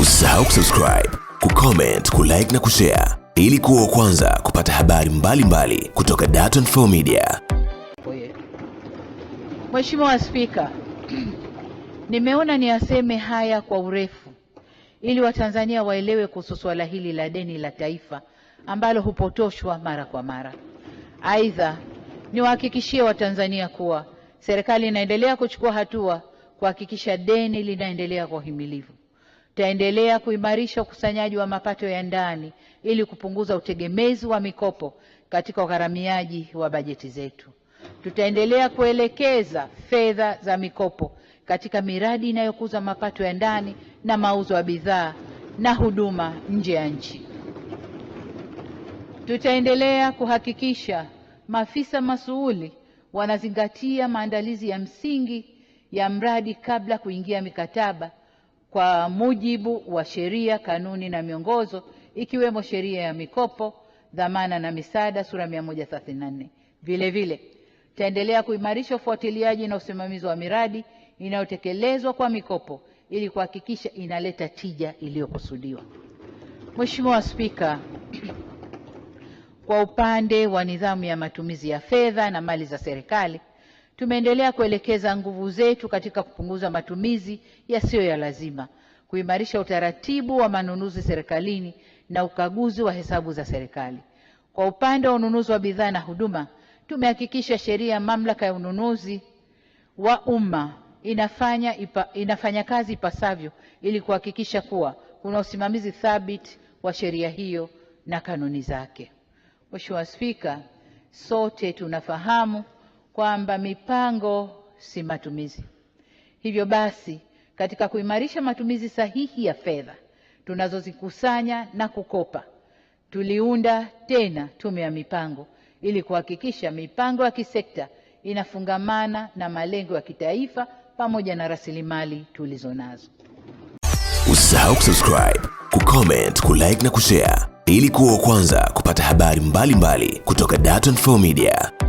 Usisahau kusubscribe, kucomment, kulike na kushare ili kuwa kwanza kupata habari mbalimbali mbali kutoka Dar24 Media. Mheshimiwa Spika, nimeona ni aseme haya kwa urefu ili Watanzania waelewe kuhusu suala hili la deni la taifa ambalo hupotoshwa mara kwa mara. Aidha, niwahakikishie Watanzania kuwa serikali inaendelea kuchukua hatua kuhakikisha deni linaendelea kwa uhimilivu. Tutaendelea kuimarisha ukusanyaji wa mapato ya ndani ili kupunguza utegemezi wa mikopo katika ugharamiaji wa bajeti zetu. Tutaendelea kuelekeza fedha za mikopo katika miradi inayokuza mapato ya ndani na mauzo ya bidhaa na huduma nje ya nchi. Tutaendelea kuhakikisha maafisa masuhuli wanazingatia maandalizi ya msingi ya mradi kabla kuingia mikataba kwa mujibu wa sheria, kanuni na miongozo ikiwemo sheria ya mikopo, dhamana na misaada sura 134. Vilevile tutaendelea kuimarisha ufuatiliaji na usimamizi wa miradi inayotekelezwa kwa mikopo ili kuhakikisha inaleta tija iliyokusudiwa. Mheshimiwa Spika, kwa upande wa nidhamu ya matumizi ya fedha na mali za serikali Tumeendelea kuelekeza nguvu zetu katika kupunguza matumizi yasiyo ya lazima, kuimarisha utaratibu wa manunuzi serikalini na ukaguzi wa hesabu za serikali. Kwa upande wa ununuzi wa bidhaa na huduma, tumehakikisha sheria ya mamlaka ya ununuzi wa umma inafanya, ipa, inafanya kazi ipasavyo ili kuhakikisha kuwa kuna usimamizi thabiti wa sheria hiyo na kanuni zake. Mheshimiwa Spika, sote tunafahamu kwamba mipango si matumizi. Hivyo basi, katika kuimarisha matumizi sahihi ya fedha tunazozikusanya na kukopa, tuliunda tena tume ya mipango ili kuhakikisha mipango ya kisekta inafungamana na malengo ya kitaifa pamoja na rasilimali tulizo nazo. Usisahau kusubscribe, kucomment, kulike na kushare ili kuwa wa kwanza kupata habari mbalimbali mbali kutoka Dar24 Media.